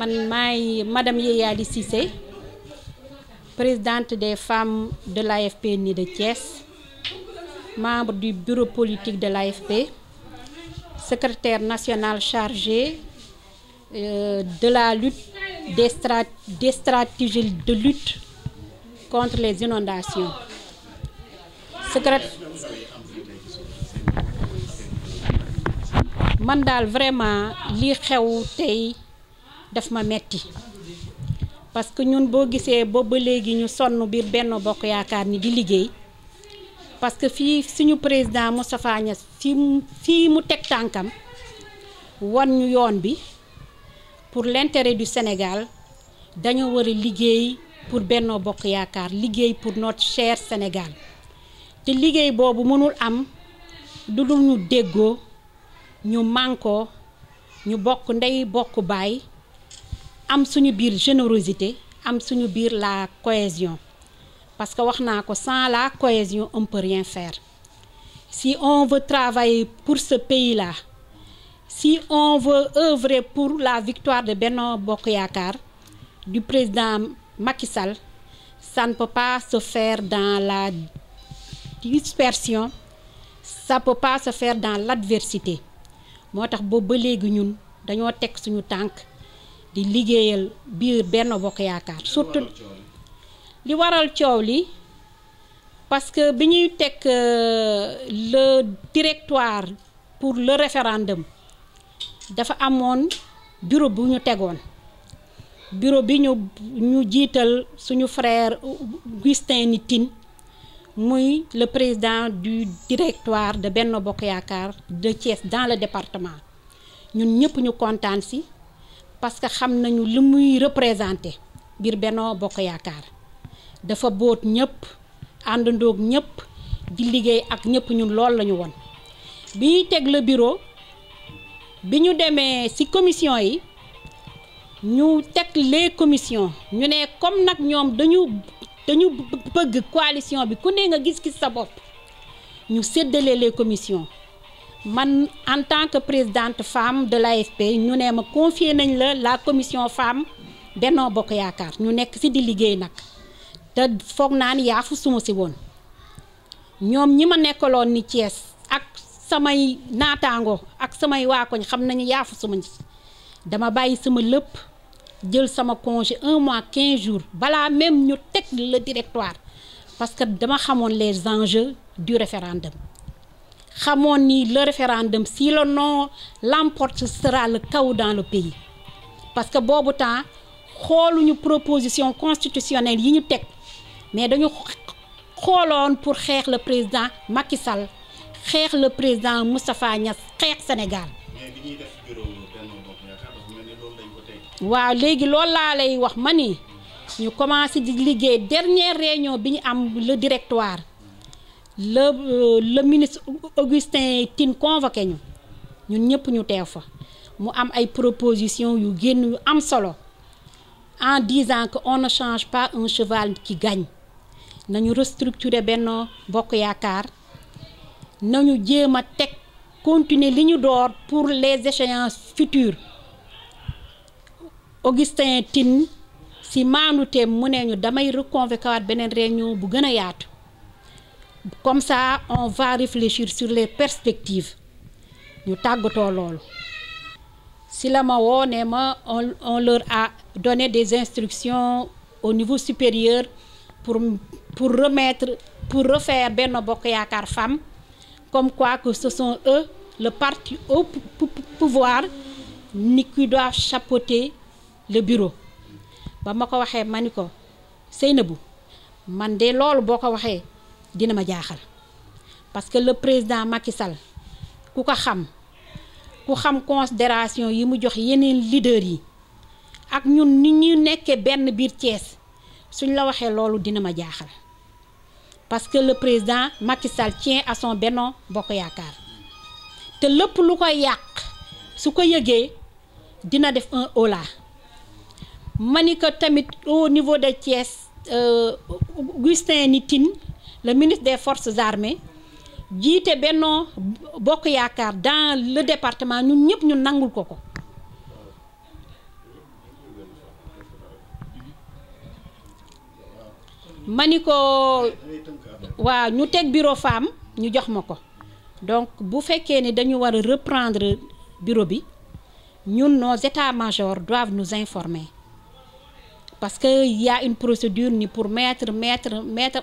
man maay madame Yeyali Cissé présidente des femmes de l'AFP ni de Thiès membre du bureau politique de l'AFP secrétaire national chargé euh, de la lutte des, stratégies de lutte contre les inondations secrétaire man daal vraiment li xew tey daf ma metti parce que ñun boo gisee booba léegi ñu sonn biir Benno Bokk Yaakaar ni di liggéey parce que fii suñu président Moustapha Niasse si fii mu teg tànkam wan ñu yoon bi pour l'intérêt du Sénégal dañoo war liggéey pour Benno Bokk Yaakaar liggéey pour notre cher Sénégal te liggéey boobu mënul am lu dul ñu déggoo ñu mànkoo ñu bokk ndey bokk baay am suñu biir générosité am suñu biir la cohésion parce que wax naa ko sans la cohésion on peut rien faire si on veut travailler pour ce pays-là si on veut œuvrer pour la victoire de Benno Bokk Yaakaar du président makisal Sall ça ne peut pas se faire dans la dispersion ça peut pas se faire dans l'adversité moo tax boobu ba léegi ñun dañoo teg suñu tànk di liggéeyal biir benn bokk yaakaar surtout li waral coow li parce que bi ñuy teg euh, le directoire pour le référendum dafa amoon bureau bu ñu tegoon bureau bi ñu ñu jiital suñu frère Augustin Tine muy le président du directoire de benn Bokk Yaakaar de Thiès dans le département ñun ñëpp ñu kontaan si parce que xam nañu li muy représenté biir Benno Bokk Yaakaar dafa boot ñëpp àndandoog ñëpp di liggéey ak ñëpp ñun loolu lañu woon bi ñuy teg le bureau bi ñu demee ci commission yi ñu teg les commissions ñu ne comme nag ñoom dañu dañu bëgg coalition bi ku ne nga gis-gis sa bopp ñu séddale les commissions man en tant que présidente femme de la l'AFP ñu ne ma confier nañ la la commission femme Benno Bokk Yaakaar ñu nekk si di liggéey nag te foog naa ni yaa suma si woon ñoom ñi ma nekkaloon ni Thiès ak samay naataango ak samay waakoñ xam nañu yaa fu suma si dama bàyyi sama lépp jël sama congé un mois quinze jours balaa même ñu teg le directoire parce que dama xamoon les enjeux du référendum xamoon ni le référendum si le non l'emporte sera le chaos dans le pays parce que boobu temps xooluñu proposition constitutionnelle yi ñu teg mais dañu xooloon pour xeex la président Macky Sall xeex la président Moustapha Niass xeex Sénégal. waaw léegi loolu laa lay wax ma ni suñu commencé di liggéey dernière réunion bi ñu am le directoire. le euh, le ministre Augustin Tine convoqué ñu ñun ñëpp ñu teew fa mu am ay proposition yu génn yu am solo en disant que on ne change pas un cheval qui gagne nañu restructurer Benno Bokk Yaakaar nañu jéem a teg continuer li ñu door pour les échéances futures Augustin tin si maandu teem mu ne ñu damay reconvoquer waat beneen réunion bu gën a yaatu. comme ça on va réfléchir sur les perspectives ñu tàggatoo loolu ci la ma woone ma on on leur a donné des instructions au niveau supérieur pour pour remettre pour refaire benn Bokk Yaakaar Femmes comme quoi que ce sont eux le parti au pouvoir ni qui doit chapeauter le bureau ba ma ko waxee ma ni ko Seynabou man de loolu boo ko waxee dina ma jaaxal parce que le président Macky Sall ku ko xam ku xam considération yi mu jox yeneen leader yi ak ñun ni ñu nekkee benn biir Thiès suñ la waxee loolu dina ma jaaxal parce que le président Macky Sall tient Benno Bokk Yaakaar te lépp lu koy yàq su ko yëgee dina def un hola ma ni ko tamit au niveau de Thiès euh, Augustin Tine le ministre des forces armées jiite Benno Bokk Yaakaar dans le département ñun ñëpp ñu nangul ko ko ma ni ko waaw ñu teg bureau femme ñu jox ma ko donc bu fekkee ni dañu war a reprendre bureau bi ñun nos états majors doivent nous informer parce que il une procédure ni pour mettre mettre mettre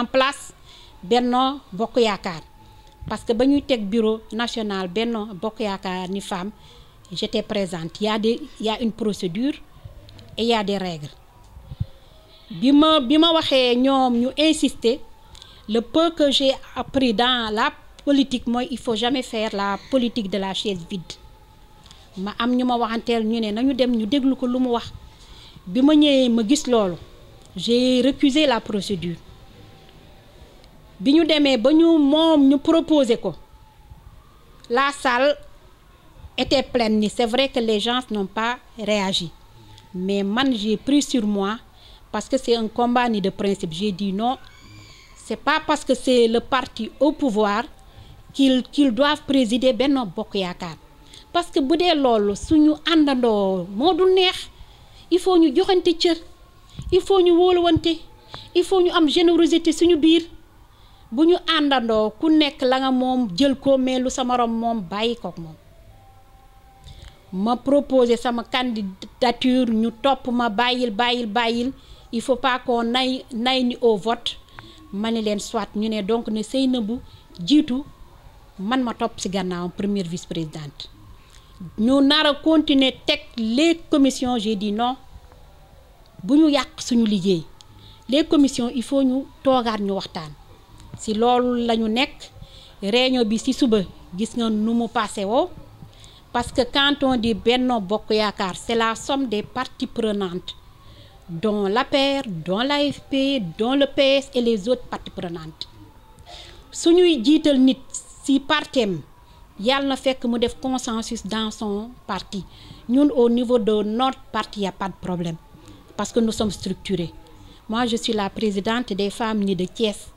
en place Benno Bokk Yaakaar parce que ba ñuy teg bureau national Benno Bokk Yaakaar ni femme jete présente il y a des une procédure et il y a des règles bi ma bi ma waxee ñoom ñu insister le peu que j'ai après dans la politique mooy il faut jamais faire la politique de la chaise vide ma am ñu ma waxanteel ñu ne nañu dem ñu déglu ko lu mu wax bi ma ñëwee ma gis loolu j'ai récusé la procédure bi ñu demee ba ñu moom ñu proposé ko la salle était pleine ni c'est vrai que les gens n'ont pas réagi mais man j'ai pris sur moi parce que c'est un combat de principe j'ai dit non c'est pas parce que c'est le parti au pouvoir qu'ils qu'ils doivent présider benn Bokk Yaakaar parce que bu dee loolu suñu àndandoo moo du neex il faut ñu joxante cër il faut ñu wóoluwante il faut ñu am générosité suñu biir bu ñu àndandoo ku nekk la nga moom jël ko mais lu sa morom moom bàyyi kook moom ma propose sama candidature ñu topp ma bàyyil bàyyil bàyyil il faut pas qu'on nay ni au vote ma ne leen soit ñu ne donc ne Seynabou jiitu man ma topp ci gannaawam première vice présidente ñu nar a continuer teg les commissions j'ai dit non bu ñu yàq suñu liggéey les commissions il faut ñu toogaat ñu waxtaan si loolu lañu nekk réunion bi si suba gis nga nu mu passé woo parce que quand on dit Bokk Yaakaar c'est la somme des parties prenantes dont l'APR dont l'AFP dont le PS et les autres parties prenantes suñuy jiital nit si partem yàlla na fekk mu def consensus dans son parti ñun au niveau de notre partie y pas problème parce que nous sommes structurés moi je suis la présidente des femmes ni de Thiès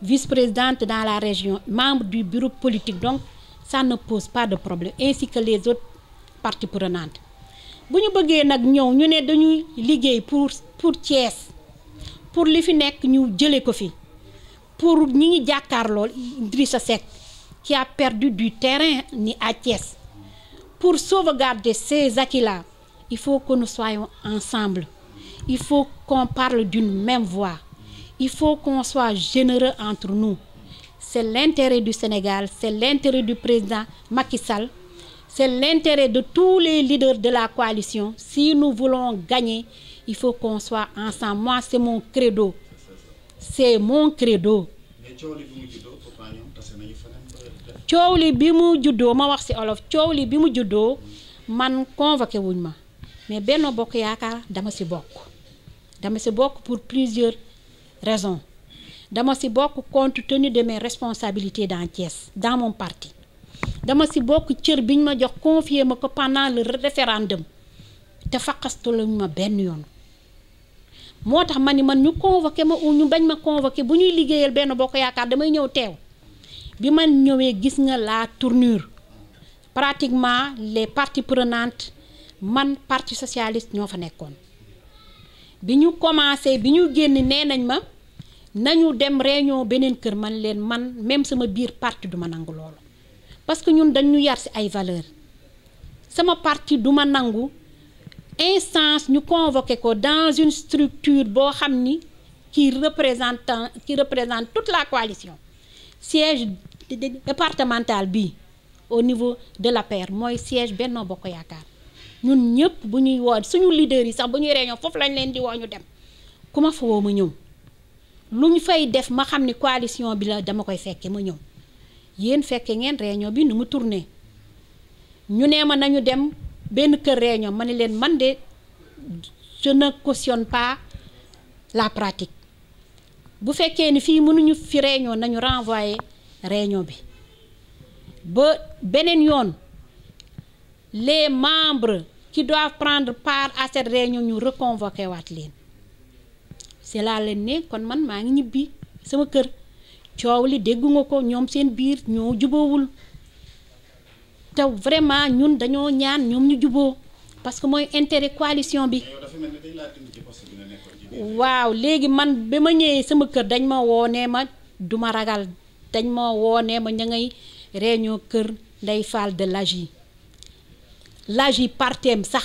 vice-présidente dans la région, membre du bureau politique, donc ça ne pose pas de problème, ainsi que les autres parties prenantes. bu ñu bëggee nag ñëw ñu ne dañuy liggéey pour pour Thiès pour li fi nekk ñu jëlee ko fi pour ñi ngi jàkkaar lool Idrissa Seck qui a perdu du terrain ni à Thiès pour sauvegarder ces acquis-là il faut que nous soyons ensemble il faut qu'on parle d'une même voix il faut qu'on soit généreux entre nous c'est l'intérêt du Sénégal c'est l'intérêt du président Macky Sall c'est l'intérêt de tous les leaders de la coalition si nous voulons gagner il faut qu'on soit ensemble moi c'est mon credo c'est mon credo euh, coow li bi mu juddoo ma wax ci olof coow li bi mu juddoo man convoqué wuñ ma mais Benno Bokk Yaakaar dama ci bokk dama ci bokk pour plusieurs raison dama si bokk compte tenu de mes dans Thiès dans mon parti dama si bokk cër biñ ma jox confier ma ko pendant le référendum te faqastu lañ ma benn yoon moo tax ma ni man ñu convoqué ma ou ñu bañ ma convoqué bu ñuy liggéeyal benn bokk yaakaar damay ñëw teew bi man ñëwee gis nga la tournure pratiquement les parti prenantes man parti socialiste ñoo fa nekkoon bi ñu commencé bi ñu génn nee nañ ma nañu dem réunion beneen kër man leen man même sama biir parti du ma nangu loolu parce que ñun dañu yar ci ay valeur sama parti du ma nangu instance ñu convoqué ko dans une structure boo xam ni kii représente kii représente toute la coalition siège départemental bi au niveau de la paire mooy siège Benno Bokk Yaakaar ñun ñëpp bu ñuy woo suñu leader yi sax bu ñuy réunion foofu lañ leen di woo ñu dem ku ma fa ma ñëw lu ñu fay def ma xam ni coalition bi la dama koy fekke ma ñëw yéen fekke ngeen réunion bi nu mu tourné ñu ne ma nañu dem benn kër réunion ma ne leen man de je ne cautionne pas la pratique bu fekkee ni fii mënuñu fi réunion nañu renvoyé réunion bi ba beneen yoon les membres qui doivent prendre part à cette réunion ñu reconvoqué waat leen si laa leen ne kon man maa ngi ñibbi sama kër coow li dégg nga ko ñoom seen biir ñoo juboowul taw vraiment ñun dañoo ñaan ñoom ñu juboo parce que mooy intérêt coalition bi waaw léegi man ba ma ñëwee sama kër dañ ma woonee ma duma ragal dañ ma woonee ma ña ngay réunion kër Ndeye Fall de l'AJ l'AJ parteem sax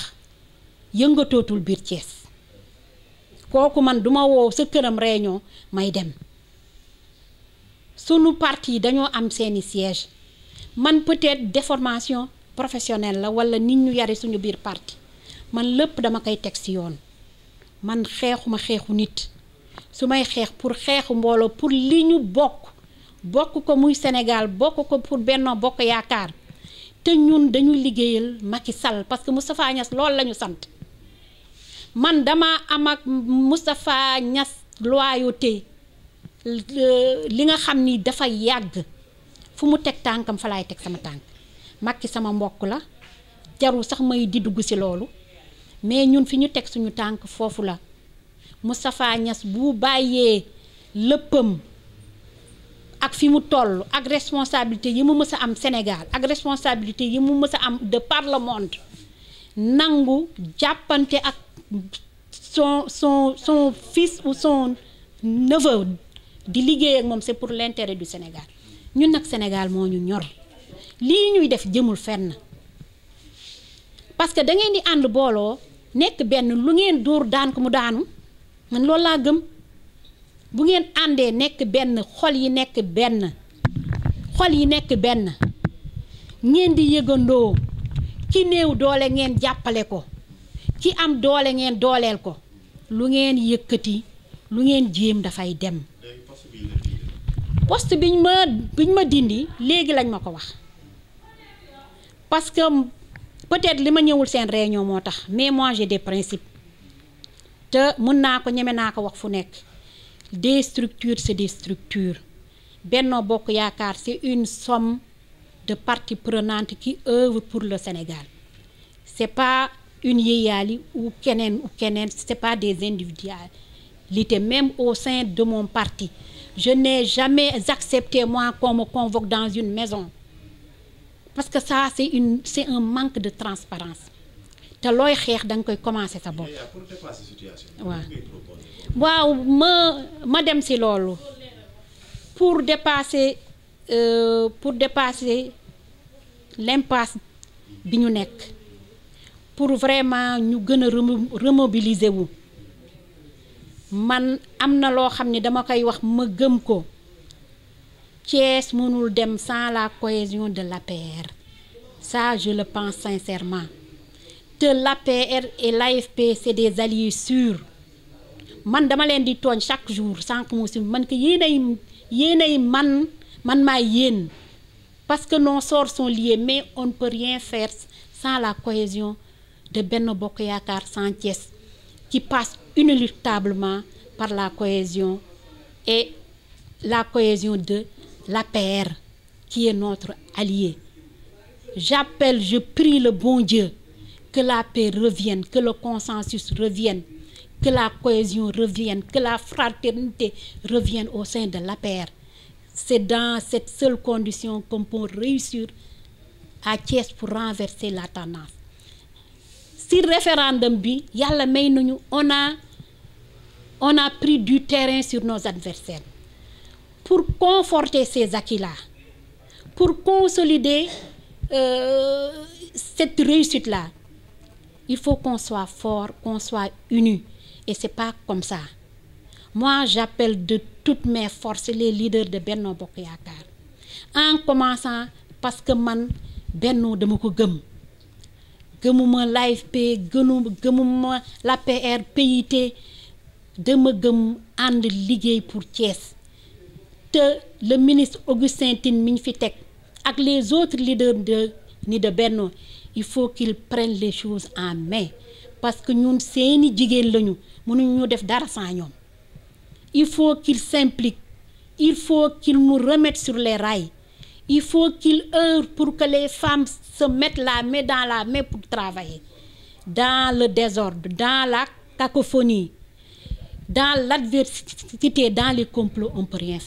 yëngatootul biir Thiès kooku man du ma woo sa këram réunion may dem sunu parti dañoo am seeni siège man peut-être déformation professionnelle la walla nit ñu yare suñu biir parti man lépp dama koy teg ci yoon man xeexuma xeexu nit su may xeex pour xeexu mbooloo pour li ñu bokk bokk ko muy Sénégal bokk ko pour Benno Bokk Yaakaar te ñun dañu liggéeyal Macky Sall parce que Moustapha Niasse loolu la ñu sant man dama am ak Moustapha Niass loyauté li nga xam ni dafa yàgg fu mu teg tànkam fa teg sama tànk Macky sama mbokk la jarul sax may di dugg ci loolu mais ñun fi ñu teg suñu tànk foofu la Moustapha ñas bu bàyyee léppam ak fi mu toll ak responsabilité yi mu mës a am Sénégal ak responsabilité yi mu mës a am de par nangu jàppante ak son son son fils ou son neveu di liggéey ak moom c'est pour l'intérêt du Sénégal ñun nag Sénégal moo ñu ñor lii ñuy def jëmul fenn parce que da ngeen di ànd booloo nekk benn lu ngeen dóor daan ko mu daanu man lool laa gëm bu ngeen àndee nekk benn xol yi nekk benn xol yi nekk benn ngeen di yëgandoo ki néew doole ngeen jàppale ko ki am doole ngeen dooleel ko lu ngeen yëkkati lu ngeen jéem dafay dem poste biñ ma biñ ma dindi léegi lañ ma ko wax parce que peut-être li ma ñëwul seen réunion moo tax mais moi j'ai des principes te mun naa ko ñeme naa ko wax fu nekk des structures c'est des structures Benno Bokk Yaakaar c'est une somme de parties prenantes qui œuvrent pour le Sénégal c'est pas une Yeyali ou Kenen ou Kenen, ce n'est pas des individualités. Même au sein de mon parti, je n'ai jamais accepté moi qu'on me convoque dans une maison. Parce que ça, c'est un manque de transparence. te looy xeex da nga koy commencer sa bopp. waaw waaw ma ma dem ci loolu pour dépasser euh, pour dépasser l'impasse bi ñu nekk. pour vraiment ñu gën a remobiliser wu man am na loo xam ne dama koy wax ma gëm ko Thiès mënul dem sans la cohésion de l'APR ça je le pense sincèrement te l'APR et l'AFP c'est des alliés sur man dama leen di tooñ chaque jour sànq mosi man que yéenay yéenay man man maay yéen parce que nos sorts sont liés mais on ne peut rien faire sans la cohésion de Benno Bokk Yaakaar sans Thiès qui passe inéluctablement par la cohésion et la cohésion de l'APR qui est notre allié. J'appelle, je prie le bon Dieu que la paix revienne, que le consensus revienne, que la cohésion revienne, que la fraternité revienne au sein de l'APR. C'est dans cette seule condition qu'on peut réussir à Thiès pour renverser la tendance. si référendum bi yàlla may nañu on a on a pris du terrain sur nos adversaires pour conforter ces acquis pour consolider euh, cette réussite-là il faut qu'on soit fort qu'on soit unis et c'est pas comme ça moi j'appelle de toutes mes forces les leaders de Benno Bokk Yaakaar en commençant parce que man Benno dama ko gëm gëmuma l'AFP gënu gëmuma l'APR PIT dama gëm ànd liggéey pour Thiès te le ministre Augustin Tine mi ñu fi teg ak les autres leaders de ni de Benno il faut qu'ils prennent les choses en main parce que ñun seeni jigéen lañu mënuñu ñu def dara sans ñoom il faut qu'ils s'impliquent il faut qu'ils mu remettent sur les ray il faut qu'il œuvre pour que les femmes se mettent la main dans la main pour travailler dans le désordre dans la cacophonie dans l'adversité dans les complots on peut rien